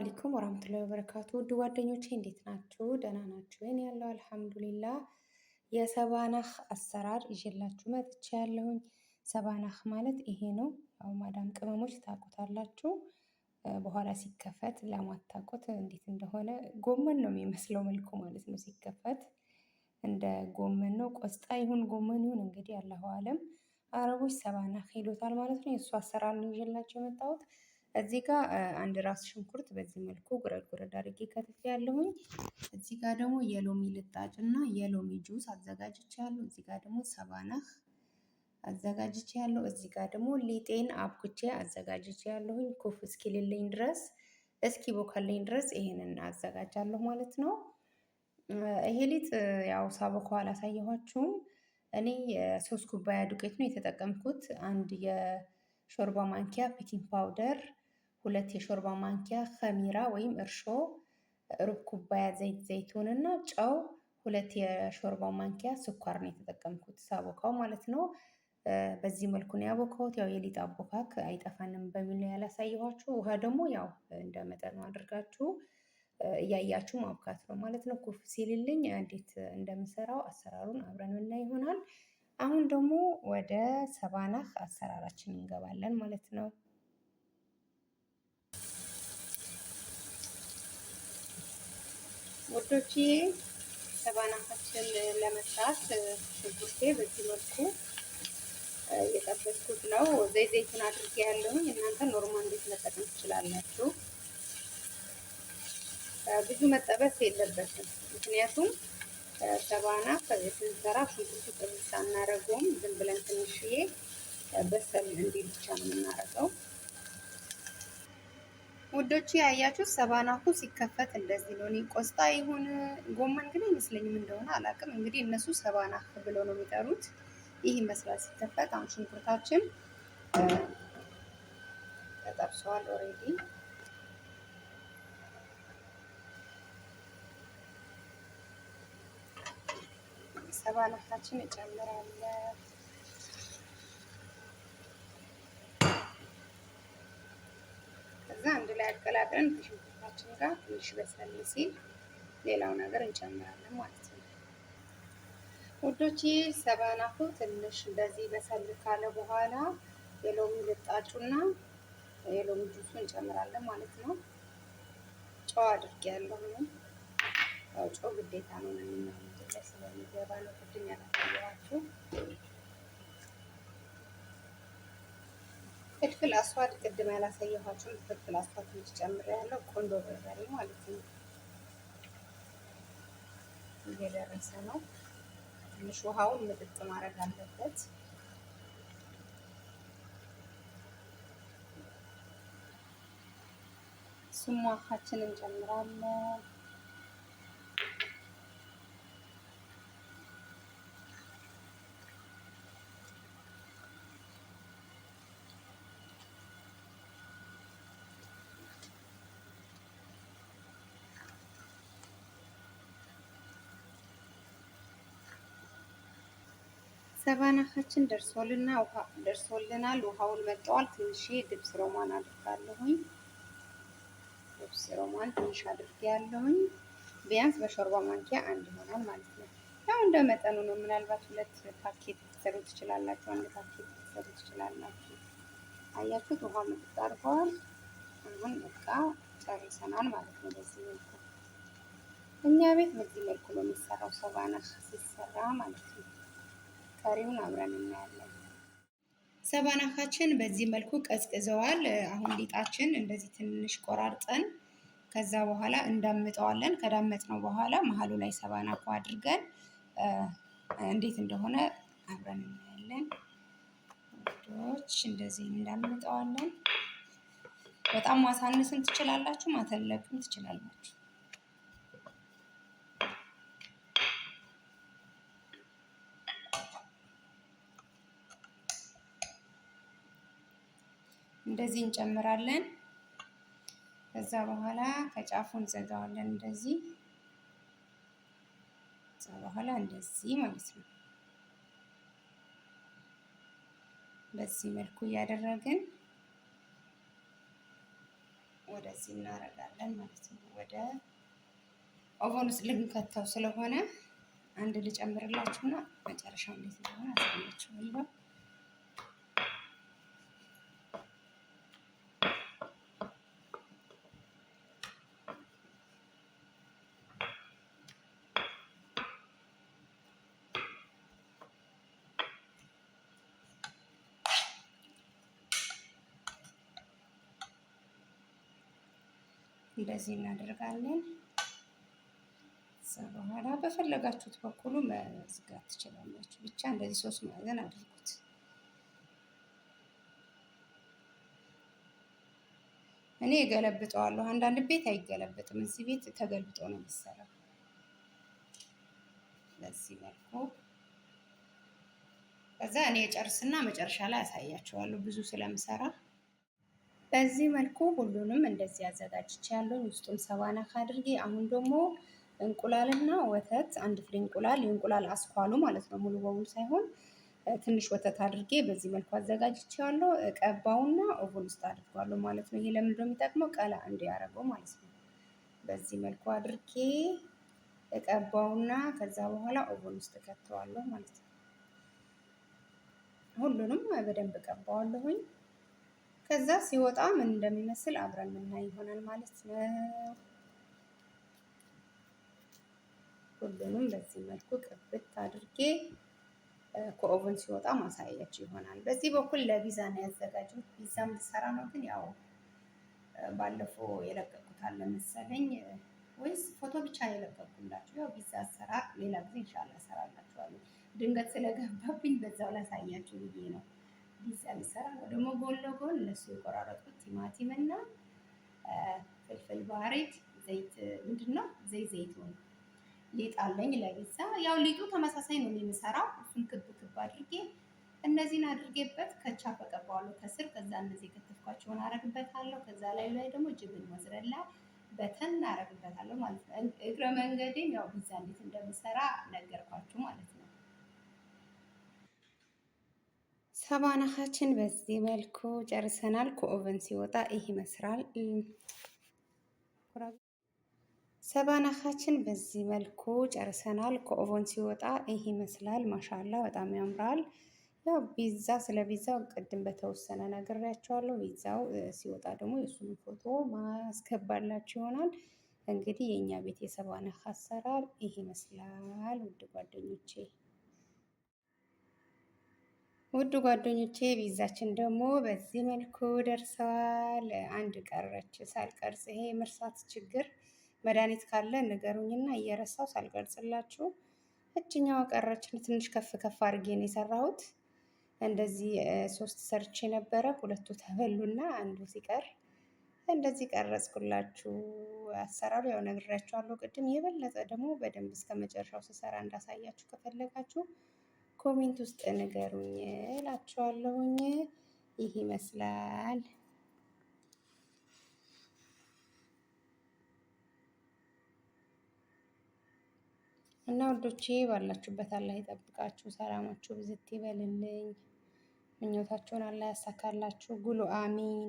አለይኩም ወራህመቱላሂ ወበረካቱ ውድ ጓደኞቼ እንዴት ናችሁ? ደህና ናችሁ? እኔ ያለው አልሐምዱሊላ። የሰባናህ አሰራር ይዤላችሁ መጥቼ ያለሁኝ። ሰባናህ ማለት ይሄ ነው። ያው ማዳም ቅመሞች ታውቁታላችሁ። በኋላ ሲከፈት ለማታውቁት እንዴት እንደሆነ ጎመን ነው የሚመስለው መልኩ ማለት ነው። ሲከፈት እንደ ጎመን ነው፣ ቆስጣ ይሁን ጎመን ይሁን እንግዲህ አላሁ አለም። አረቦች ሰባናህ ይሉታል ማለት ነው። የእሱ አሰራር ነው ይዤላችሁ የመጣሁት። እዚህ ጋር አንድ ራስ ሽንኩርት በዚህ መልኩ ጉረድ ጉረድ አድርጌ ከትፍ ያለሁኝ። እዚህ ጋር ደግሞ የሎሚ ልጣጭ እና የሎሚ ጁስ አዘጋጅቼ ያለሁ። እዚህ ጋር ደግሞ ሰባናህ አዘጋጅቼ ያለሁ። እዚህ ጋር ደግሞ ሊጤን አብኩቼ አዘጋጅቼ ያለሁኝ። ኩፍ እስኪልልኝ ድረስ እስኪ ቦካልኝ ድረስ ይሄንን አዘጋጃለሁ ማለት ነው። ይሄ ሊጥ ያው ሳቦካው አላሳየኋችሁም። እኔ የሶስት ኩባያ ዱቄት ነው የተጠቀምኩት አንድ የሾርባ ማንኪያ ፒኪንግ ፓውደር ሁለት የሾርባ ማንኪያ ኸሚራ ወይም እርሾ፣ ሩብ ኩባያ ዘይት ዘይቱን እና ጨው፣ ሁለት የሾርባ ማንኪያ ስኳር ነው የተጠቀምኩት ሳቦካው ማለት ነው። በዚህ መልኩ ነው ያቦካሁት። ያው የሊጥ አቦካክ አይጠፋንም በሚል ነው ያላሳየኋችሁ። ውሃ ደግሞ ያው እንደ መጠኑ አድርጋችሁ እያያችሁ ማብካት ነው ማለት ነው። ኩፍ ሲልልኝ እንዴት እንደምሰራው አሰራሩን አብረን ይሆናል። አሁን ደግሞ ወደ ሰባናህ አሰራራችን እንገባለን ማለት ነው። ውዶች ሰባናፋችን ለመስራት ሽንኩርቴ በዚህ መልኩ እየጠበስኩት ነው። ዘይት ዘይቱን አድርጌ ያለሁኝ እናንተ ኖርማል እንዴት መጠቀም ትችላላችሁ። ብዙ መጠበስ የለበትም። ምክንያቱም ሰባና ስንሰራ ሽንኩርቱ ጥብስ አናረገውም። ዝም ብለን ትንሽዬ በሰል እንዲህ ብቻ ነው የምናረገው። ውዶች ያያችሁ ሰባናኩ ሲከፈት እንደዚህ ነው። እኔ ቆስጣ ይሁን ጎመን ግን አይመስለኝም እንደሆነ አላውቅም። እንግዲህ እነሱ ሰባናክ ብለው ነው የሚጠሩት። ይህ ይመስላል ሲከፈት። አሁን ሽንኩርታችን ተጠብሰዋል ኦሬዲ። ሰባናካችን እጨምራለሁ ላይ አቀላቅለን ከሽንኩርታችን ጋር ትንሽ በሰል ሲል ሌላው ነገር እንጨምራለን ማለት ነው። ውዶች ሰባናፉ ትንሽ እንደዚህ በሰል ካለ በኋላ የሎሚ ልጣጩና የሎሚ ጁሱ እንጨምራለን ማለት ነው። ጨው አድርጌ ጨው ግዴታ ነው። ምንም ስለሚገባ ነው ቅድም ያላሳየኋችሁ ፍልፍል አስዋድ ቅድም ያላሳየኋቸውን ፍልፍል አስዋድ ትንሽ ያለው ቆንጆ በርበሬ ማለት ነው። እየደረሰ ነው። ትንሽ ውሃውን ምጥጥ ማድረግ አለበት። ስሟካችን እንጨምራለን። ላባናካችን ደርሶልና ደርሶልናል። ውሃውን መጠዋል። ትንሽ ግብስ ሮማን አድርጋለሁኝ። ግብስ ሮማን ትንሽ ያለሁኝ ቢያንስ በሾርባ ማንኪያ አንድ ይሆናል ማለት ነው። ያው እንደ መጠኑ ነው። ምናልባት ሁለት ፓኬት ልትሰሩ ትችላላችሁ። አንድ ፓኬት ልትሰሩ ትችላላችሁ። አያችሁት? ውሃ መጠጥ አድርገዋል። አሁን በቃ ጨርሰናል ማለት ነው። በዚህ መልኩ እኛ ቤት በዚህ መልኩ ነው የሚሰራው ሰባና ሲሰራ ማለት ነው። ቀሪውን አብረን እናያለን። ሰባናካችን በዚህ መልኩ ቀዝቅዘዋል። አሁን ሊጣችን እንደዚህ ትንሽ ቆራርጠን ከዛ በኋላ እንዳምጠዋለን። ከዳመጥነው በኋላ መሀሉ ላይ ሰባናኩ አድርገን እንዴት እንደሆነ አብረን እናያለን። ዶች እንደዚህ እንዳምጠዋለን። በጣም ማሳነስም ትችላላችሁ፣ ማተለቅም ትችላላችሁ። እንደዚህ እንጨምራለን። ከዛ በኋላ ከጫፉ እንዘጋዋለን እንደዚህ። ከዛ በኋላ እንደዚህ ማለት ነው። በዚህ መልኩ እያደረግን ወደዚህ እናደርጋለን ማለት ነው። ወደ ኦቨን ውስጥ ልንከተው ስለሆነ አንድ ልጨምርላችሁና መጨረሻው እንዴት እንደሆነ አሳያችኋለሁ። እንደዚህ እናደርጋለን። እዛ በኋላ በፈለጋችሁት በኩሉ መዝጋት ትችላላችሁ። ብቻ እንደዚህ ሶስት ማዕዘን አድርጉት። እኔ እገለብጠዋለሁ። አንዳንድ ቤት አይገለበጥም። እዚህ ቤት ተገልብጦ ነው የሚሰራው። በዚህ መልኩ ከዛ እኔ ጨርስና መጨረሻ ላይ አሳያችኋለሁ ብዙ ስለምሰራ በዚህ መልኩ ሁሉንም እንደዚህ አዘጋጅቼ ያለውን ውስጡን ሰባናክ አድርጌ አሁን ደግሞ እንቁላልና ወተት አንድ ፍሬ እንቁላል የእንቁላል አስኳሉ ማለት ነው፣ ሙሉ በሙሉ ሳይሆን ትንሽ ወተት አድርጌ በዚህ መልኩ አዘጋጅቼዋለሁ። ቀባውና ኦቨን ውስጥ አድርጓለሁ ማለት ነው። ይሄ ለምንድነው የሚጠቅመው? ቀላ እንዲያረገው ማለት ነው። በዚህ መልኩ አድርጌ እቀባውና ከዛ በኋላ ኦቨን ውስጥ ከተዋለሁ ማለት ነው። ሁሉንም በደንብ እቀባዋለሁኝ። ከዛ ሲወጣ ምን እንደሚመስል አብረን የምናይ ይሆናል ማለት ነው። ሁሉንም በዚህ መልኩ ቅብት አድርጌ ከኦቨን ሲወጣ ማሳያች ይሆናል። በዚህ በኩል ለቪዛ ነው ያዘጋጀሁት። ቪዛ ልሰራ ነው፣ ግን ያው ባለፈው የለቀቁት አለ መሰለኝ ወይስ ፎቶ ብቻ ነው የለቀቁላችሁ? ያው ቪዛ አሰራር ሌላ ጊዜ ኢንሻአላህ እሰራላችኋለሁ። ድንገት ስለገባብኝ በዛው ላሳያችሁ ብዬ ነው። ይሰራ ነው። ደግሞ ጎን ለጎን እነሱ የቆራረጡት ቲማቲም እና ፍልፍል ባሬድ ዘይት ምንድን ነው ዘይት ዘይቱን ሊጥ አለኝ ለቤዛ። ያው ሊጡ ተመሳሳይ ነው የሚሰራው። እሱን ክብ ክብ አድርጌ እነዚህን አድርጌበት ከቻፕ እቀባዋለሁ ከስር። ከዛ እነዚህ የከተፍኳቸውን አረግበታለሁ። ከዛ ላይ ላይ ደግሞ ጅብን መዝረላ በተን አረግበታለሁ ማለት ነው። እግረ መንገዴን ያው ቢዛ እንዴት እንደምሰራ ነገርኳችሁ ማለት ነው። ሰባናካችን በዚህ መልኩ ጨርሰናል። ከኦቨን ሲወጣ ይህ ይመስላል። ሰባናካችን በዚህ መልኩ ጨርሰናል። ከኦቨን ሲወጣ ይህ ይመስላል። ማሻላ በጣም ያምራል። ያው ቢዛ ስለ ፒዛው ቅድም በተወሰነ ነግሬያቸዋለሁ። ቢዛው ሲወጣ ደግሞ የእሱን ፎቶ ማስገባላችሁ ይሆናል። እንግዲህ የእኛ ቤት የሰባናካ አሰራር ይህ ይመስላል ውድ ጓደኞቼ። ውድ ጓደኞቼ ፒዛችን ደግሞ በዚህ መልኩ ደርሰዋል። አንድ ቀረች ሳልቀርጽ። ይሄ መርሳት ችግር መድኃኒት ካለ ንገሩኝና እየረሳው ሳልቀርጽላችሁ። እችኛዋ ቀረችን። ትንሽ ከፍ ከፍ አድርጌ ነው የሰራሁት። እንደዚህ ሶስት ሰርች ነበረ። ሁለቱ ተበሉና አንዱ ሲቀር እንደዚህ ቀረጽኩላችሁ። አሰራሩ ያው ነግሬያችኋለሁ ቅድም። የበለጠ ደግሞ በደንብ እስከ መጨረሻው ስሰራ እንዳሳያችሁ ከፈለጋችሁ ኮሜንት ውስጥ ንገሩኝ እላችኋለሁኝ። ይህ ይመስላል። እና ወዶቼ ባላችሁበት አላህ ይጠብቃችሁ፣ ሰላማችሁ ብዝት ይበልልኝ፣ ምኞታችሁን አላህ ያሳካላችሁ። ጉሉ አሚን